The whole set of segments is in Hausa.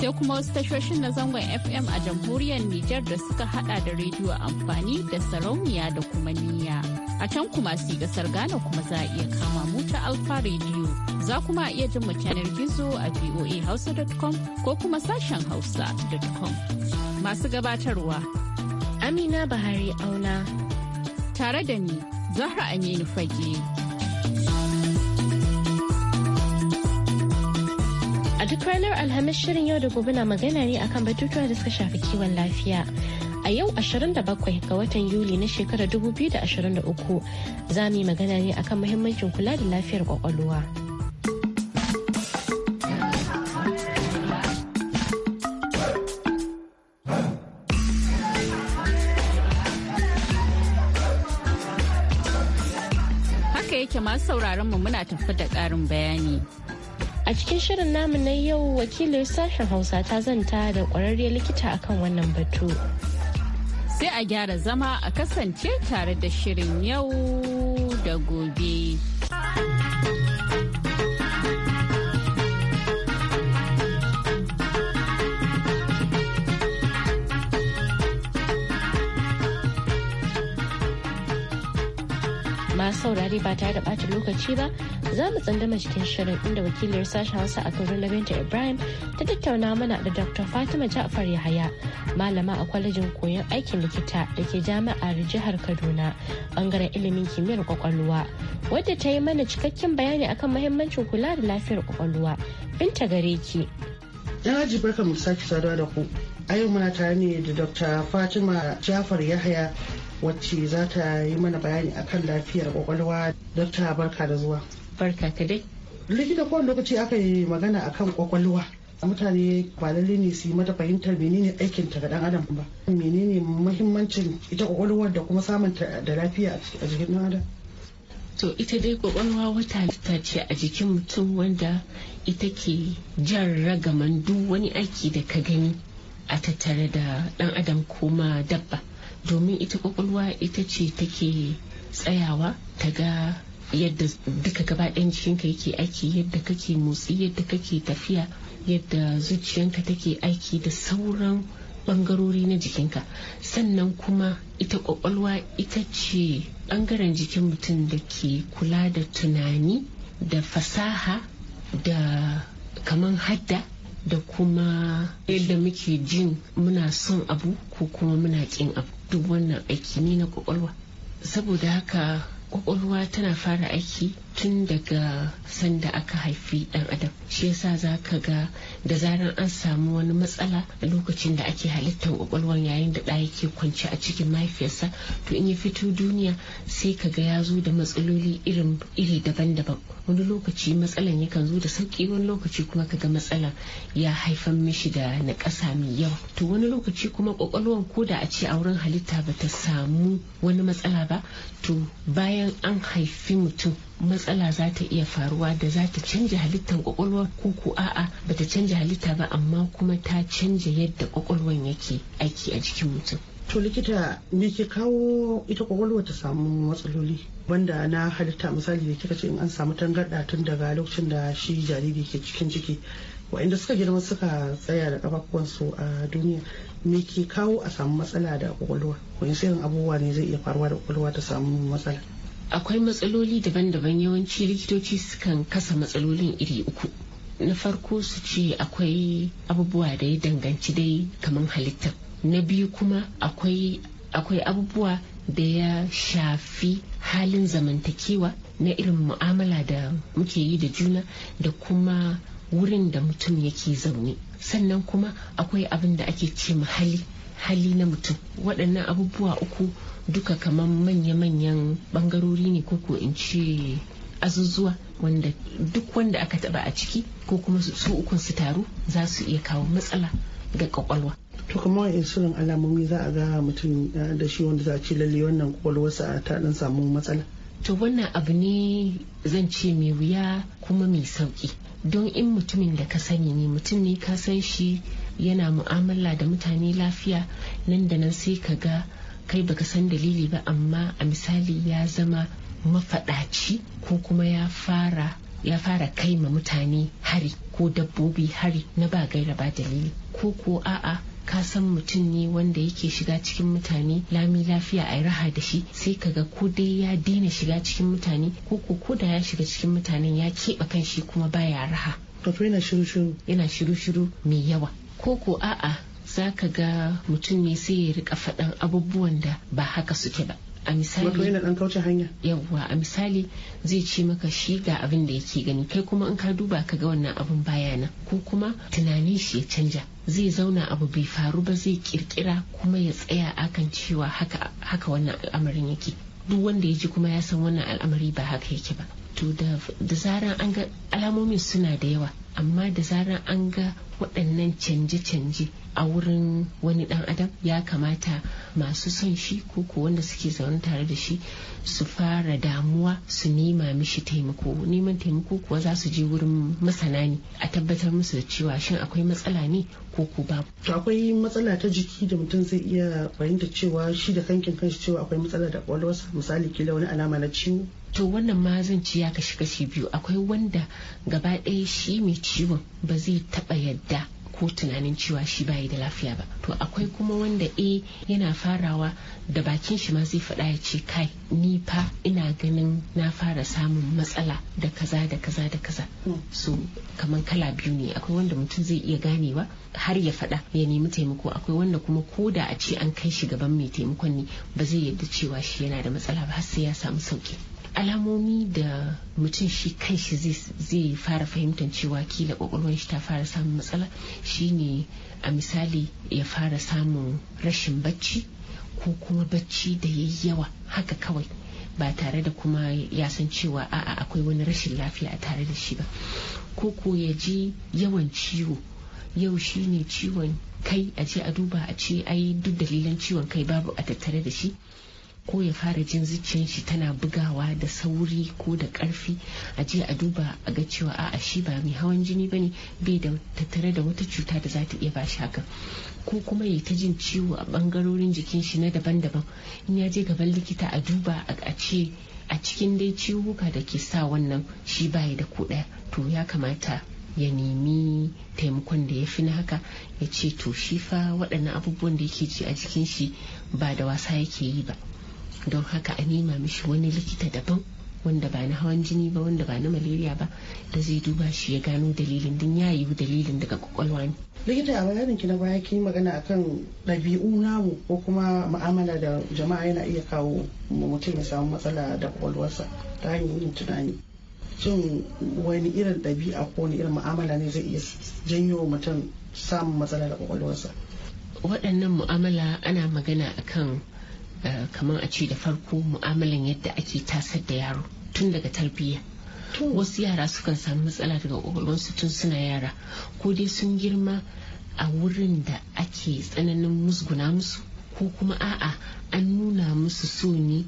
sai kuma wasu tashoshin na zangon FM a jamhuriyar Nijar da suka hada da rediyo amfani da sarauniya da kuma niyya. A can kuma su gasar Ghana kuma za a iya kama mu ta Alfa rediyo Za kuma iya jin mu canar gizo a voahausa.com ko kuma sashen hausa.com. Masu gabatarwa. Amina Bahari Auna. Tare da ni, Zahra Aminu Fage. A duk ranar Alhamis shirin yau da gobe na magana ne akan batutuwa da suka shafi kiwon lafiya. A yau 27 ga watan Yuli na shekarar 2023 za mu yi magana ne akan muhimmancin kula da lafiyar kwakwalwa. Haka yake masu sauraron mu muna tafi da ƙarin bayani. a cikin shirin namu na yau wakilin sashen hausa ta zanta da kwararriyar likita akan wannan batu sai a gyara zama a kasance tare da shirin yau da gobe. saurari ba tare da ɓata lokaci ba za mu tsandama cikin shirin inda wakiliyar sashen hausa a kaduna binta ibrahim ta tattauna mana da dr fatima ja'far yahaya malama a kwalejin koyon aikin likita da ke jami'ar jihar kaduna bangaren ilimin kimiyyar kwakwalwa wadda ta yi mana cikakken bayani akan mahimmancin kula da lafiyar kwakwalwa binta gare ki. aji barka mu sake saduwa da ku. A yau muna tare ne da Dr. Fatima Jafar Yahaya wacce za ta yi mana bayani akan lafiyar kwakwalwa dokta barka da zuwa barka ka dai likita kowane lokaci aka yi magana akan kwakwalwa mutane ba lalle ne su yi mata fahimtar menene aikin ta ga dan adam ba menene muhimmancin ita kwakwalwa da kuma samun ta da lafiya a jikin dan adam to ita dai kwakwalwa wata ta ce a jikin mutum wanda ita ke jan ragaman duk wani aiki da ka gani a tattare da dan adam ko ma dabba domin ita kwakwalwa ita ce take tsayawa ta ga yadda duka gaba ɗayan jikinka yake aiki yadda kake motsi yadda kake tafiya yadda zuciyanka take aiki da sauran bangarori na jikinka sannan kuma ita kwakwalwa ita ce bangaren jikin mutum da ke kula da tunani da fasaha da kaman hadda da kuma yadda muke jin muna son abu ko kuma muna kin abu duk wannan aiki ne na kwakwalwa saboda haka kwakwalwa tana fara aiki tun daga sanda aka haifi dan adam shi yasa za ka ga da zarar an samu wani matsala a lokacin da ake halittar kwakwalwar yayin da ɗa yake kwance a cikin mahaifiyarsa to in ya fito duniya sai ka ga ya zo da matsaloli irin iri daban-daban wani lokaci matsalan yakan zo da sauki wani lokaci kuma ka ga matsalan ya haifar mishi da naƙasa mai yawa to wani lokaci kuma kwakwalwar ko da a ce a wurin halitta ba ta samu wani matsala ba to bayan an haifi mutum matsala za ta iya faruwa da za ta canja halittar kwakwalwa ko ko a'a ba ta canja halitta ba amma kuma ta canja yadda kwakwalwan yake aiki a jikin mutum to likita me ke kawo ita kwakwalwa ta samu matsaloli banda na halitta misali da kika ce in an samu tangarɗa tun daga lokacin da shi jariri ke cikin ciki wa'inda suka girma suka tsaya da kafafuwansu a duniya me ke kawo a samu matsala da kwakwalwa wani irin abubuwa ne zai iya faruwa da kwakwalwa ta samu matsala akwai matsaloli daban-daban yawanci likitoci sukan kasa matsalolin iri uku na farko su ce akwai abubuwa da ya danganci dai kamar halittar na biyu kuma akwai akwai abubuwa da ya shafi halin zamantakewa na irin mu'amala da muke yi da juna da kuma wurin da mutum yake zaune sannan kuma akwai abin da ake ce hali hali na mutum waɗannan abubuwa uku duka kamar manya-manyan bangarori ne ko in ce azuzuwa wanda duk wanda aka taba a ciki ko kuma su ukun su taru za su iya kawo matsala ga kwakwalwa to kamar in alamomi za a ga mutum eh, da shi wanda za a ci lalle wannan kwakwalwarsa ta dan samu matsala to wannan abu ne zan ce mai wuya kuma mai sauki don in mutumin da ka sani ne mutum ne ka san shi yana mu'amala da mutane lafiya nan da nan sai ka ga kai baka san dalili ba amma a misali ya zama mafaɗaci ko kuma ya fara ya fara kai ma mutane hari ko dabbobi hari na ba gaira ba dalili ko ko a'a ka san mutum ne wanda yake shiga cikin mutane lami lafiya a raha da shi sai ka ga ko dai ya daina shiga cikin mutane ko ko ko da ya shiga cikin mutanen ya keɓe kan shi kuma baya raha wato yana shiru shiru yana shiru shiru mai yawa ko ko a'a za ka ga mutum ne sai ya rika faɗan abubuwan da ba haka suke ba a misali yana dan kauce hanya yawwa a misali zai ce maka shi ga abin da yake gani kai kuma in ka duba ka ga wannan abin baya nan ko kuma tunanin shi ya canja zai zauna abu bai faru ba zai kirkira kuma ya tsaya akan cewa haka haka wannan al'amarin yake duk wanda ya ji kuma ya san wannan al'amari ba haka yake ba to da zaran an ga alamomin suna da yawa amma da zaran an ga waɗannan canje-canje a wurin wani ɗan adam ya kamata masu son shi ko ko wanda suke zaune tare da shi su fara damuwa su nema mishi taimako neman taimako kuwa za su je wurin masana ne a tabbatar musu da cewa shin akwai matsala ne ko ko ba to akwai matsala ta jiki da mutum zai iya fahimta cewa shi da kankin kanshi cewa akwai matsala da kwakwalwarsa misali kila wani alama na ciwo to wannan ma zan ci ya kashi kashi biyu akwai wanda gaba ɗaya shi mai ciwon ba zai taɓa yadda ko tunanin cewa shi bayi da lafiya ba to akwai kuma wanda A eh, yana farawa da bakin shi ma zai faɗa ya ce kai ni fa ina ganin na fara samun matsala da kaza da kaza da kaza so kamar kala biyu ne akwai wanda mutum zai iya ganewa har ya faɗa ya nemi taimako akwai wanda kuma ko da a ce an kai shi gaban mai taimakon ne ba zai yarda cewa shi yana da matsala ba har sai ya samu sauki alamomi da mutum shi kan shi zai fara fahimtar cewa kila kwakwalwar shi ta fara samun matsala shine a misali ya fara samun rashin bacci ko kuma bacci da ya yawa haka kawai ba tare da kuma ya san cewa a'a akwai wani rashin lafiya a tare da shi ba ko ko ya ji yawan ciwo yau shine ciwon kai a ce a duba a ce ai duk dalilan ciwon kai babu a tattare da shi ko ya fara jin zuciyar shi tana bugawa da sauri ko da karfi a je a duba a ga cewa a'a shi ba mai hawan jini bane bai da tattare da wata cuta da za ta iya ba shi ko kuma ya ta jin ciwo a bangarorin jikin shi na daban-daban in ya je gaban likita a duba a ce a cikin dai ciwuka da ke sa wannan shi bayi da ko ɗaya to ya kamata ya nemi taimakon da ya fi na haka ya ce to shi fa waɗannan abubuwan da yake ji a jikin shi ba da wasa yake yi ba don haka a nema mishi wani likita daban wanda ba na hawan jini ba wanda ba na malaria ba da zai duba shi ya gano dalilin din ya yiwu dalilin daga kwakwalwa ne likita a bayanin ki na baya kin magana akan ɗabi'u namu ko kuma mu'amala da jama'a yana iya kawo mutum ya samu matsala da kwakwalwarsa ta hanyar yin tunani shin wani irin ɗabi'a ko wani irin mu'amala ne zai iya janyo mutum samun matsala da kwakwalwarsa waɗannan mu'amala ana magana akan Eh, kamar a ce da farko mu'amalan yadda ake tasar da yaro tun daga tarbiyya wasu yara sukan sami matsala daga kwakwalwarsu tun suna yara ko dai sun girma a wurin da ake tsananin musguna musu ko kuma a'a an nuna musu so ne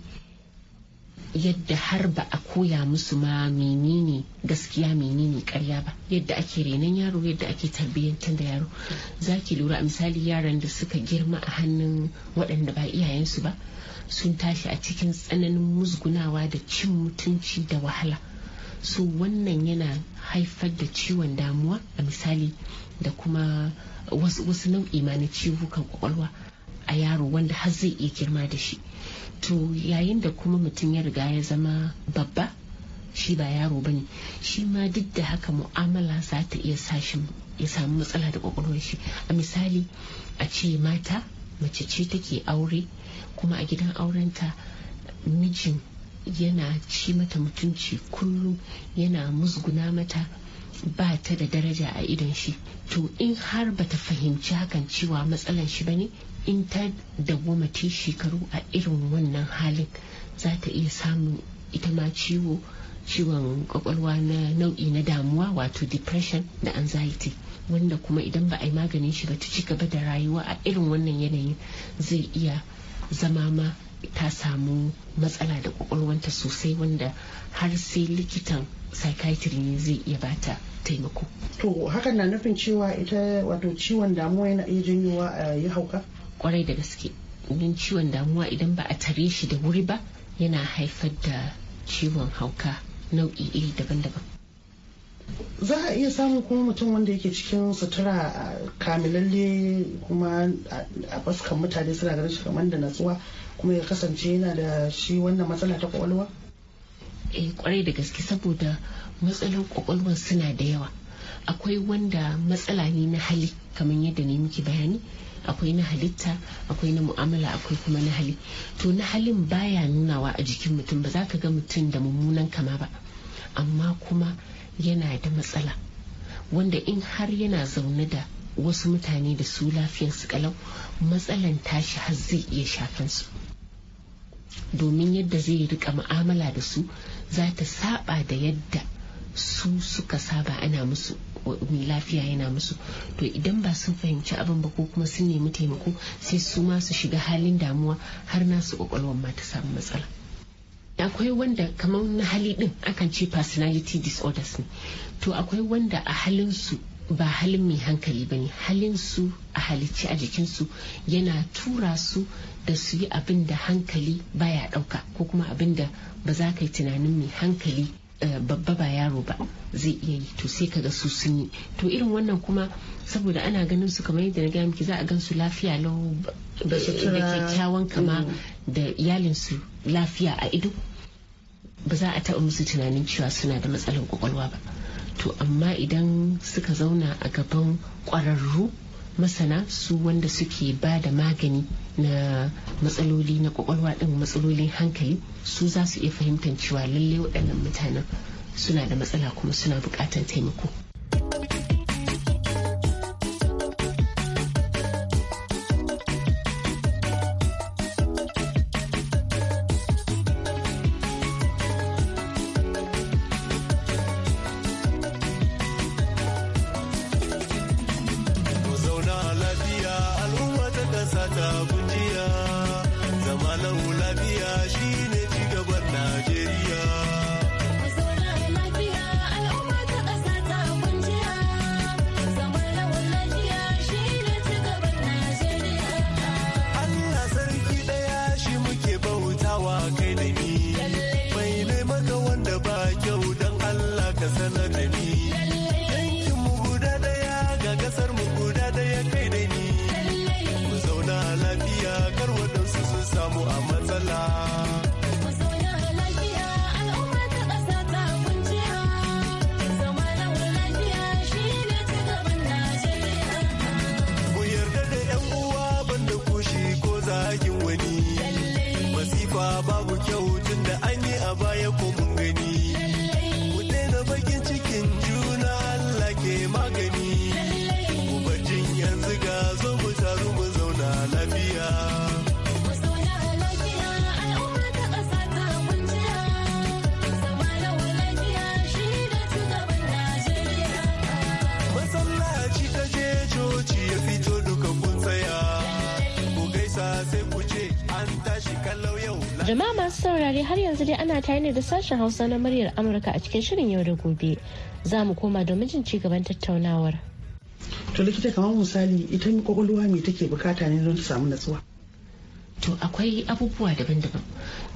yadda har ba a koya musu ma menene gaskiya menene karya ba yadda ake renon yaro yadda ake tarbiyyantar da yaro za ki lura a misali yaran da suka girma a hannun waɗanda ba iyayensu ba sun tashi a cikin tsananin musgunawa da cin mutunci da wahala so wannan yana haifar da ciwon damuwa a misali da kuma wasu nau'i ma na ciwukan kwakwalwa a yaro wanda har zai iya girma da shi to yayin da kuma mutum ya riga ya zama babba shi ba yaro ba ne shi ma duk da haka mu'amala za ta iya sashi ya samu matsala da kwakwalwar shi a misali a ce mata mace ce take aure kuma a gidan aurenta mijin yana ci mata mutunci kullum yana musguna mata ba ta da daraja a idon shi to in har ba ta fahimci hakan cewa matsalan shi ba ne. in ta dawwama ta shekaru a irin wannan halin za ta iya samun ita ma ciwo ciwon kwakwalwa na nau'i na damuwa wato depression da anxiety wanda kuma idan ba a yi maganin shi ba ta ci gaba da rayuwa a irin wannan yanayin zai iya zama ma ta samu matsala da kwakwalwanta sosai wanda har sai likitan psychiatry ne zai iya bata taimako. To hakan na nufin cewa ita wato ciwon damuwa yana iya janyowa eh, a hauka? kwarai da gaske don ciwon damuwa idan ba a tare shi da wuri ba yana haifar da ciwon hauka nau'i iri daban-daban za a iya samun kuma mutum wanda yake cikin sutura kamilalle kuma a baskan mutane suna ganin shi kamar da natsuwa kuma ya kasance yana da shi wannan matsala ta kwakwalwa? eh kwarai da gaske saboda matsalar kwakwalwar suna da yawa akwai wanda matsala ne na hali kamar yadda ne muke bayani akwai na halitta akwai na mu'amala akwai kuma na hali to na halin baya nunawa a jikin mutum ba za ka ga mutum da mummunan kama ba amma kuma yana da matsala wanda in har yana zaune da wasu mutane da su su kalau matsalan tashi har zai iya shafan su domin yadda zai rika mu'amala da su za ta saba da yadda su suka saba ana musu mai lafiya yana musu to idan ba sun fahimci abin ba ko kuma sun nemi taimako sai su ma su shiga halin damuwa har nasu kwakwalwar ma ta samu matsala akwai wanda kamar na hali din akan ce personality disorders ne to akwai wanda a halin su ba halin mai hankali ba ne halin su a halicci a jikin su yana tura su da su yi abin da hankali baya ɗauka ko kuma abin da ba za ka yi tunanin mai hankali Eh, babba ba yaro ba zai iya yi to sai kaga su sun yi to irin wannan kuma saboda ana ganin su kamar yadda na gaya miki za a gan su lafiya lau eh, da kyakkyawan kama mm. da iyalin su lafiya a ido ba za a taɓa musu tunanin cewa suna da matsalar kwakwalwa ba to amma idan suka zauna a gaban kwararru masana su wanda suke ba da magani na matsaloli na kwakwalwa din matsalolin hankali su za su iya fahimtar cewa lallai waɗannan mutanen suna da matsala kuma suna buƙatar taimako Jama'a masu saurare har yanzu dai ana tare ne da sashen Hausa na muryar Amurka a cikin shirin yau da gobe. Za mu koma domin jin ci gaban tattaunawar. To likita kamar misali ita kwakwalwa me take bukata ne don ta samu natsuwa? To akwai abubuwa daban-daban.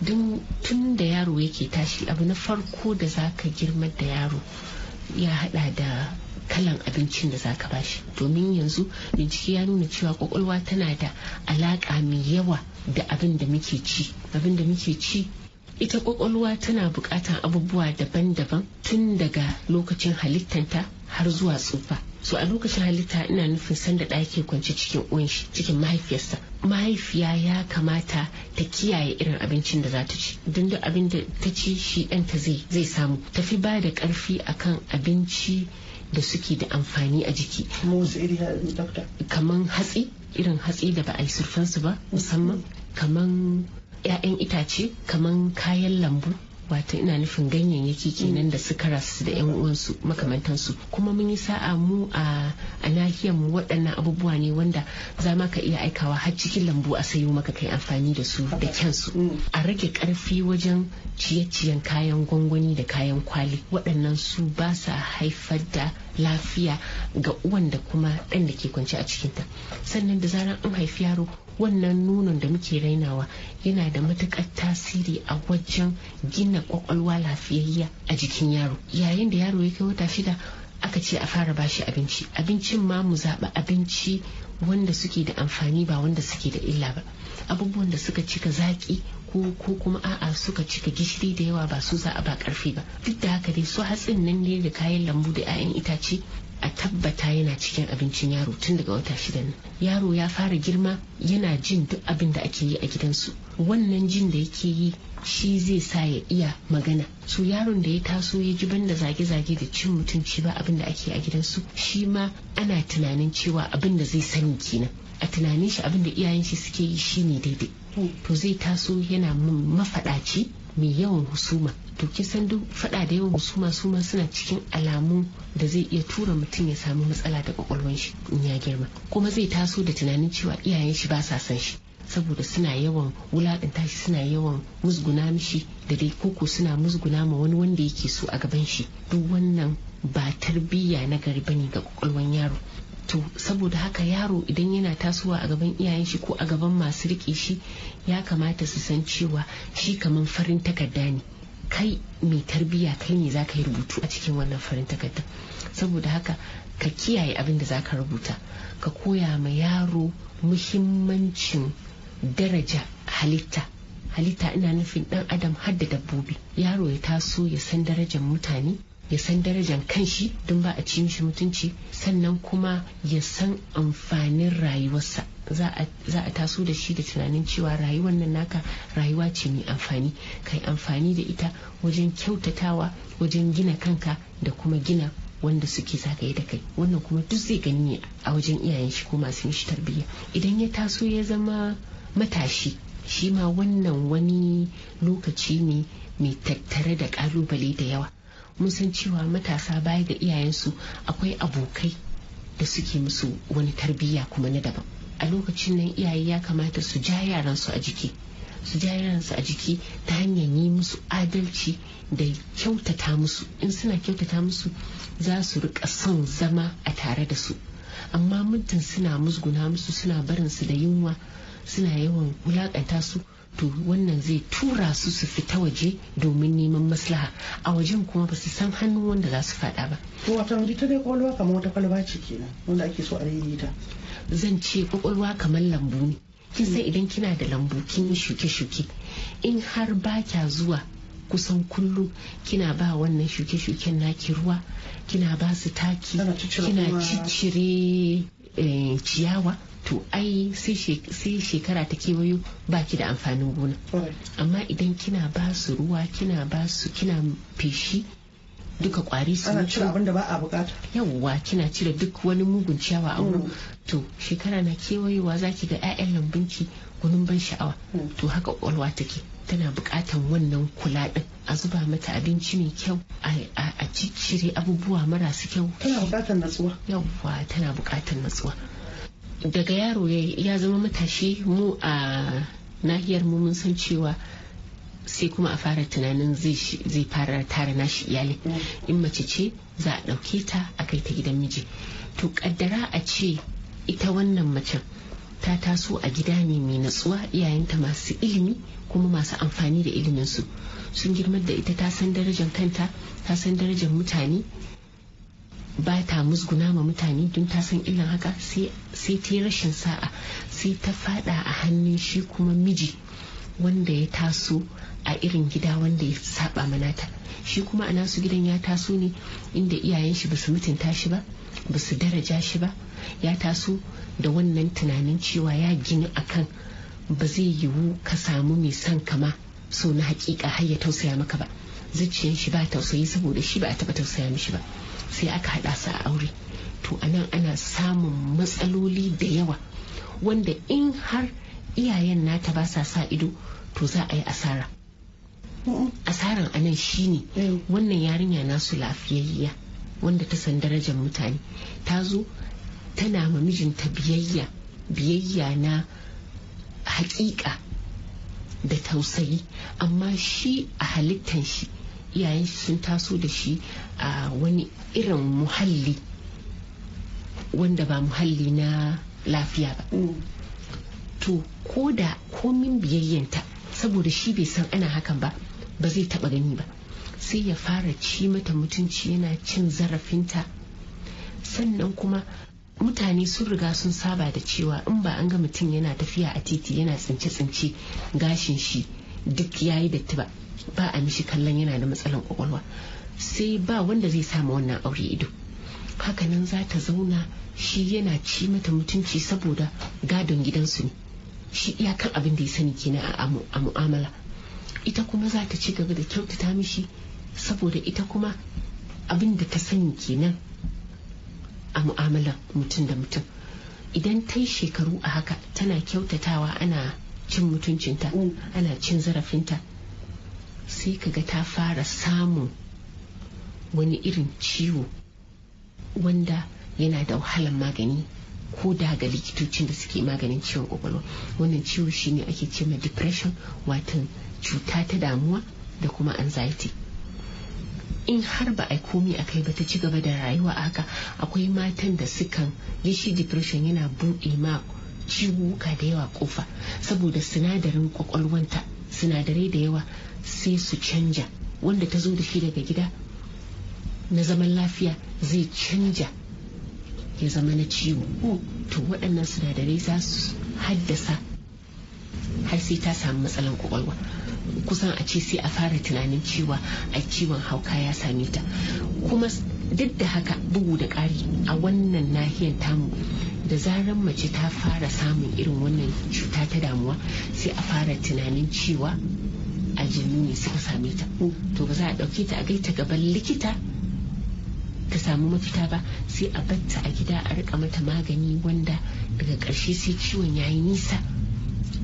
Don tun da yaro yake tashi abu na farko da za ka girmar da yaro ya hada da kalan abincin da zaka bashi domin yanzu bincike ya nuna cewa kwakwalwa tana da alaka mai yawa da abin da muke ci abin da muke ci ita kwakwalwa tana buƙatan abubuwa daban-daban tun daga lokacin halittanta har zuwa tsufa so a lokacin halitta ina nufin sanda da ke kwance cikin uwanshi cikin mahaifiyarsa mahaifiya ya kamata ta kiyaye irin abincin da za ta ci don abin da ta ci shi ɗanta zai samu tafi ba da ƙarfi akan abinci da suke da amfani a jiki kaman hatsi irin hatsi da ba a yi surfansu ba musamman kaman 'ya'yan itace kaman kayan lambu wato ina nufin ganyayyaki kenan da su karas da yan uwansu makamantansu kuma mun yi sa'a mu a nahiyar mu waɗannan abubuwa ne wanda za ma ka iya aikawa har cikin lambu a sayo maka kai amfani da su da kyansu mm. a rage karfi wajen ciye-ciyen kayan gwangwani da kayan kwali waɗannan su ba sa haifar da lafiya ga uwan da kuma ɗan da ke kwance a cikinta sannan da zaran an haifi yaro wannan nonon da muke rainawa yana da matukar tasiri a wajen gina kwakwalwa lafiyayya a jikin yaro yayin da yaro ya kai wata shida aka ce a fara bashi abinci abincin ma mu zaɓi abinci wanda suke da amfani ba wanda suke da illa ba abubuwan da suka cika zaƙi ko ko kuma a'a suka cika gishiri da yawa ba su za a ba karfi ba duk da haka dai su hatsin nan ne da kayan lambu da 'ya'yan itace a tabbata yana cikin abincin yaro tun daga wata shida nan yaro ya fara girma yana jin duk abin da ake yi a gidansu wannan jin da yake yi shi zai sa ya iya magana su yaron da ya taso ya ji banda zage-zage da cin mutunci ba abin da ake a gidansu shi ma ana tunanin cewa abin da zai sani kenan a tunanin shi abin da iyayen shi suke yi shi ne daidai to zai taso yana mun mafaɗaci mai yawan husuma to san duk faɗa da yawan husuma su ma suna cikin alamu da zai iya tura mutum ya samu matsala da kwakwalwan shi in ya girma kuma zai taso da tunanin cewa iyayen shi ba sa san shi saboda suna yawan wulaɗanta shi suna yawan musguna mishi da dai koko suna musguna ma wani wanda yake so a gaban shi duk wannan ba tarbiyya na gari bane ga kwakwalwan yaro to saboda haka yaro idan yana tasowa a gaban iyayen shi ko a gaban masu riƙe shi ya kamata su san cewa shi kamar farin takarda ne kai mai tarbiyya kai ne za ka yi rubutu a cikin wannan farin takarda saboda haka ka kiyaye abin da za ka rubuta ka koya ma yaro muhimmancin daraja halitta halitta ina nufin dan adam har da dabbobi yaro ya taso ya san darajar mutane ya san darajan kanshi don ba a ci mishi mutunci sannan kuma ya san amfanin rayuwarsa za a taso da shi da tunanin cewa rayuwar nan naka rayuwa ce mai amfani kai amfani da ita wajen kyautatawa wajen gina kanka da kuma gina wanda suke zagaye da kai wannan kuma duk zai gani a wajen iyayen shi ko masu shi tarbiyya idan ya taso ya zama matashi shi ma wannan wani lokaci ne mai tattare da kalubale da yawa mun san cewa matasa baya ga iyayensu akwai abokai da suke musu wani tarbiyya kuma na daban a lokacin nan iyaye ya kamata su ja yaransu a jiki su ja yaransu a jiki ta hanyar yi musu adalci da kyautata musu in suna kyautata musu za su rika son zama a tare da su amma muddin suna musguna musu suna barinsu da yunwa suna yawan wulakanta su to wannan zai tura su su fita waje domin neman maslaha a wajen kuma ba su san hannun wanda za su fada ba. to wata waje ta dai kwalwa kamar wata kwalwa ce kenan wanda ake so a ta. zan ce kwakwalwa kamar lambu ne kin san idan kina da lambu kin yi shuke-shuke in har ba kya zuwa kusan kullum kina ba wannan shuke-shuken naki ruwa kina ba su taki kina ciccire eh, ciyawa to ai sai shekara ta kewayo ba ki da amfanin gona amma idan kina ba su ruwa kina ba su kina feshi duka kwari su ana cire abin da ba a bukata yawwa kina cire duk wani mugun ciyawa a wurin mm. to shekara na kewayowa za ki ga 'ya'yan lambinki gunin ban sha'awa mm. to haka kwalwa take tana bukatan wannan kula din a zuba mata abinci mai kyau a ciccire abubuwa marasu kyau tana bukatan natsuwa yawwa tana bukatan natsuwa daga yaro ya zama matashi mu a nahiyar mu mun san cewa sai kuma a fara tunanin zai fara tara nashi iyali in mace ce za a ɗauke ta a kai ta gidan miji to kaddara a ce ita wannan mace ta taso a gida ne mai natsuwa iyayenta masu ilimi kuma masu amfani da iliminsu sun girmar da ita ta san darajar kanta ta san darajar mutane ba ta musguna ma mutane don ta san illan haka sai ta yi rashin sa'a sai ta fada a hannun shi kuma miji wanda ya taso a irin gida wanda ya saba manata shi kuma a nasu gidan ya taso ne inda iyayen shi basu mutunta shi ba basu daraja shi ba ya taso da wannan tunanin cewa ya gini akan ba zai yiwu ka samu mai son kama so na hakika har ya tausaya maka ba zuciyar shi ba tausayi saboda shi ba a taba tausaya mishi ba sai aka haɗa su a aure to anan ana samun matsaloli da yawa wanda in har iyayen nata ba sa sa ido to za a yi asara asaran anan shine eh. wannan yarinya nasu lafiyayya wanda ta san darajar mutane ta zo tana ma mijinta biyayya biyayya na hakika da tausayi amma shi a halittan shi iyayen sun taso da shi a wani irin muhalli wanda ba muhalli na lafiya ba mm. to ko da komin biyayyanta saboda shi bai san ana hakan ba ba zai taba gani ba sai ya fara ci mata mutunci yana cin zarafinta sannan kuma mutane sun riga sun saba da cewa in ba an ga mutum yana tafiya a titi yana tsince-tsince gashin shi duk yayi datti ba ba a mishi kallon yana da matsalan kwakwalwa sai ba wanda zai sama wannan aure ido hakanan za ta zauna shi yana ci mata mutunci saboda gadon gidansu ne shi kan abin da ya sani kenan a mu'amala ita kuma za ta ci gaba da kyautata mishi saboda ita kuma abin da ta sani kenan a mu'amala mutum da mutum idan ta yi shekaru a haka tana kyautatawa ana cin mutuncinta mm. ana cin zarafinta sai kaga ta fara samun wani irin ciwo wanda yana da wahalar magani ko da ga likitocin da suke maganin ciwon kwakwalwa wannan ciwo shine ake ce ma depression watan cuta ta damuwa da kuma anxiety in har ba a komi a kai ba ta ci gaba da rayuwa haka akwai matan da sukan yi shi depression yana buɗe ma ciwuka da yawa kofa saboda sinadarin kwakwalwanta sinadarai da yawa sai su canja wanda ta zo da shi daga gida na zaman lafiya zai canja ya zama na ciwo to waɗannan sinadarai za su haddasa har sai ta samu matsalan kwakwalwa kusan a ce sai a fara tunanin cewa a ciwon hauka ya same ta kuma duk da haka bugu da ƙari a wannan nahiyar tamu da zaran mace ta fara samun irin wannan cuta ta damuwa sai a fara tunanin cewa a jini ne suka same ta oh, to ba za a ɗauke ta a gai ta gaban likita ta samu mafita ba sai a batta a gida a rika mata magani wanda daga ƙarshe sai ciwon ya yi nisa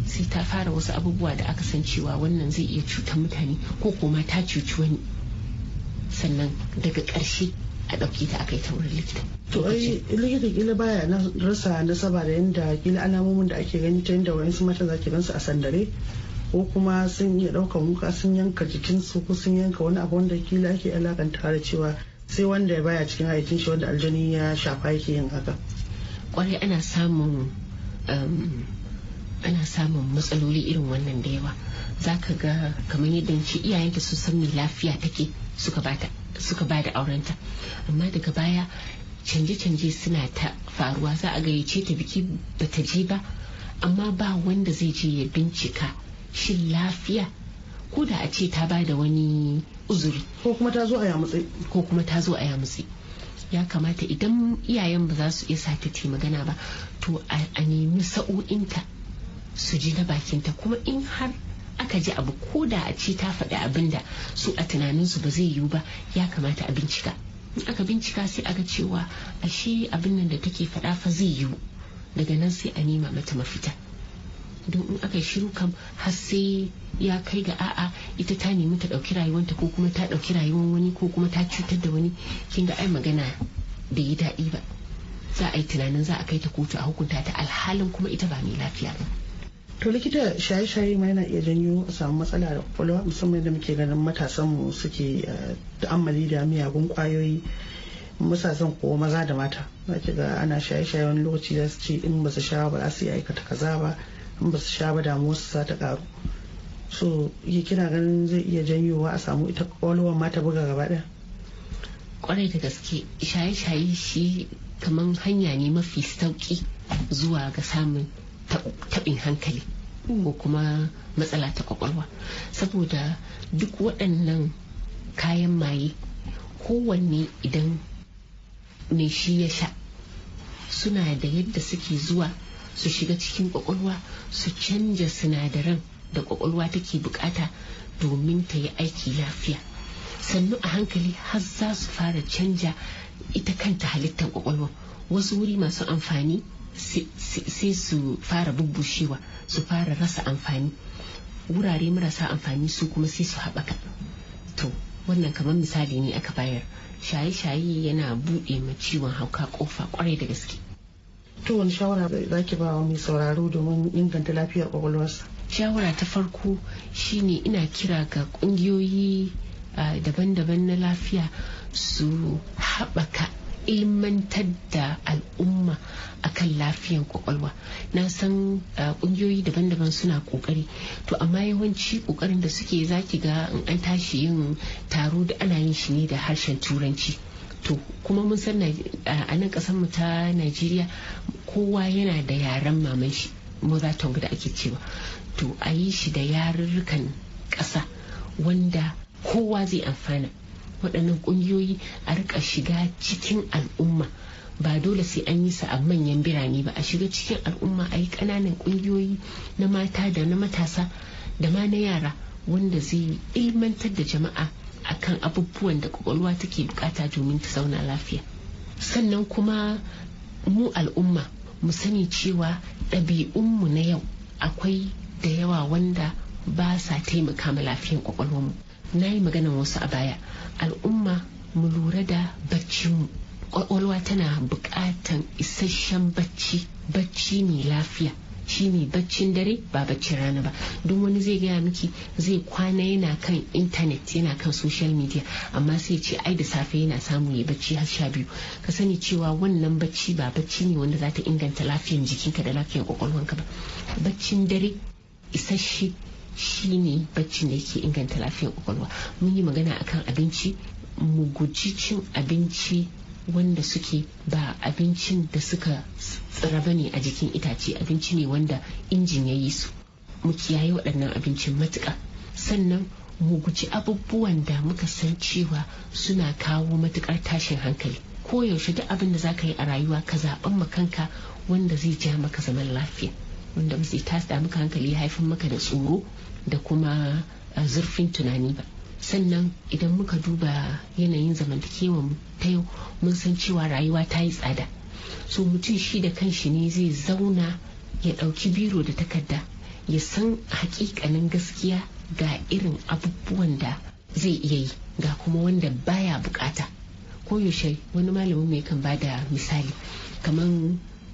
sai ta fara wasu abubuwa da aka san cewa wannan zai iya cutar mutane ko kuma ta cuci wani sannan daga ƙarshe a ɗauki ta akai ta wurin likita. To ai likita kila baya na rasa nasaba da yadda kila alamomin da ake gani ta yadda wayansu mata za ki su a sandare ko kuma sun iya ɗaukan wuka sun yanka jikinsu ko sun yanka wani abu wanda kila ake alakanta da cewa sai wanda ya baya cikin haicin shi wanda aljani ya shafa yake yin haka. Kwarai ana samun um, ana samun matsaloli irin wannan da yawa za ka ga kamar yadda ce iyayenta su san me lafiya take suka bata suka ba da aurenta amma daga baya canje-canje suna ta faruwa za a gayyace ta biki ta je ba amma ba wanda zai je ya bincika shin lafiya ko da a ce ta ba da wani uzuri ko kuma ta zo a ya ko ya kamata idan iyayen ba za su iya sa ta magana ba to a nemi sa'o'inta su ji na bakinta kuma in har aka ji abu ko da a ce ta faɗi abin da su a tunaninsu ba zai yiwu ba ya kamata a bincika in aka bincika sai aka cewa ashe abin nan da take faɗa fa zai yiwu daga nan sai a nema mata mafita don in aka shiru kam har sai ya kai ga a'a ita ta nemi ta ɗauki rayuwanta ko kuma ta ɗauki rayuwar wani ko kuma ta cutar da wani kin ga ai magana bai yi daɗi ba za a yi tunanin za a kai ta kotu a hukunta ta alhalin kuma ita ba mai lafiya ba to likita shaye-shaye ma yana iya janyo a samu matsala da kwakwalwa musamman da muke ganin matasan mu suke eh, ta'ammali da miyagun kwayoyi musasan ko maza da mata za ki ga ana shaye-shaye wani lokaci za su ce in ba su sha ba za su yi aikata kaza ba in ba su sha ba damuwa su za ta karu so yi kina ganin zai iya janyowa a samu ita kwakwalwa mata buga gaba ɗaya kwarai da gaske shaye-shaye shi kamar hanya ne mafi sauki zuwa ga samun taɓin hankali ko kuma matsala ta kwakwalwa saboda duk waɗannan kayan maye kowanne idan mai shi ya sha suna da yadda suke zuwa su shiga cikin kwakwalwa su canja sinadaran da kwakwalwa take bukata domin ta yi aiki lafiya sannu a hankali har za su fara canja ita kanta halittar kwakwalwa wasu wuri masu amfani sai su fara bubbushewa su fara rasa amfani wurare marasa amfani su kuma sai su haɓaka to wannan kamar misali ne aka bayar shaye-shaye yana buɗe ma ciwon hauka ƙofa ƙwarai da gaske to wani shawara za ki ba wa mai sauraro domin inganta lafiyar ƙwaƙwalwarsa shawara ta farko shine ina kira ga ƙungiyoyi ah, daban-daban na lafiya su haɓaka ilmantar da al'umma akan lafiyan kwakwalwa na san kungiyoyi ah, daban-daban suna kokari to amma yawanci kokarin da suke zaki ga in an tashi yin taro da ana yin shi ne da harshen turanci to kuma mun san ah, a nan kasar mu ta Najeriya kowa yana da yaren maman shi mother da ake cewa to a yi shi da yarurrukan ƙasa wanda kowa zai amfana waɗannan ƙungiyoyi a rika shiga cikin al'umma ba dole sai an yi sa a manyan birane ba a shiga cikin al'umma a yi ƙananan ƙungiyoyi na mata da na matasa da ma na yara wanda zai ilmantar da jama'a a kan abubuwan da ƙwaƙwalwa take bukata domin ta zauna lafiya sannan kuma mu al'umma mu sani cewa ɗabi'unmu na yau akwai da yawa wanda ba sa taimaka ma lafiyan kwakwalwarmu na yi maganan wasu a baya al'umma mu lura da baccinmu kwakwalwa tana bukatan isasshen bacci bacci mai lafiya shi ne baccin dare ba baccin rana ba duk wani zai gaya miki zai kwana yana kan intanet yana kan social media amma sai ce ai da safe yana samu ya bacci har sha biyu ka sani cewa wannan bacci ba bacci ne wanda za ta inganta lafiyan jikinka da lafiyan kwakwalwanka ba baccin dare isasshe shine bacci da ke inganta lafiyar kwakwalwa mun yi magana akan abinci mu guji cin abinci wanda suke ba abincin da suka tsira bane a jikin itace abinci ne wanda injin ya yi su mu kiyaye waɗannan abincin matuƙa sannan mu guji abubuwan da muka san cewa suna kawo matuƙar tashin hankali koyaushe duk abin da za ka yi a rayuwa ka zaɓen kanka wanda zai ja maka zaman lafiya wanda ba zai tasa maka hankali ya haifar maka da tsoro da kuma zurfin tunani ba sannan idan muka duba yanayin zamantakewa ta yau mun san cewa rayuwa ta yi tsada so mutum shi da kanshi ne zai zauna ya ɗauki biro da takarda ya san hakikanin gaskiya ga irin abubuwan da zai iya yi ga kuma wanda baya bukata ko yaushe wani malamin mai kan ba da misali kamar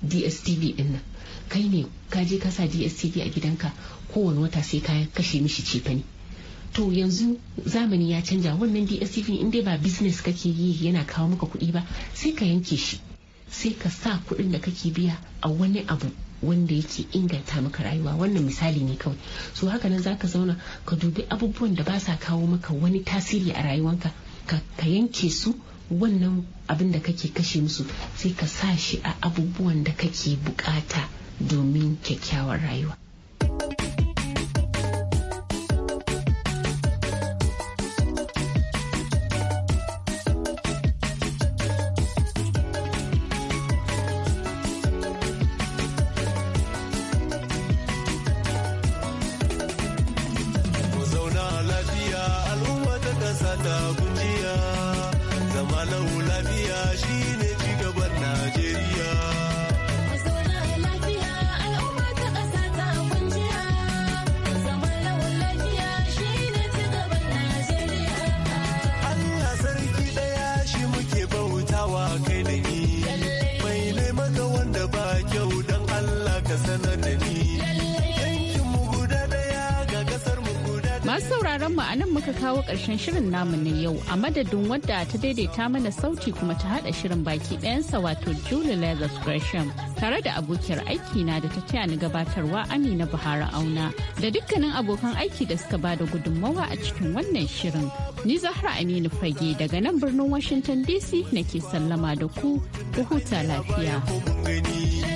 dstv din nan kai ne ka je ka sa dstv a gidanka kowane wata sai ka kashe mishi cefani to yanzu zamani ya canja wannan dstv in dai ba business kake yi yana kawo maka kuɗi ba sai ka yanke shi sai ka sa kuɗin da kake biya a wani abu wanda yake inganta maka rayuwa wannan misali ne kawai so haka nan zaka zauna ka dubi abubuwan da ba sa kawo maka wani tasiri a rayuwanka ka yanke su wannan abin da kake kashe musu sai ka sa shi a abubuwan da kake bukata domin kyakkyawar rayuwa sauraron a nan muka kawo ƙarshen shirin namu na yau a madadin wadda ta daidaita mana sauti kuma ta haɗa shirin baki ɗayansa wato Julie Lazarus Gresham tare da abokiyar aiki na da ta taya ni gabatarwa Amina Buhari Auna da dukkanin abokan aiki da suka bada gudunmawa a cikin wannan shirin. Ni Zahra Aminu Fage daga nan birnin Washington DC nake sallama da ku ku huta lafiya.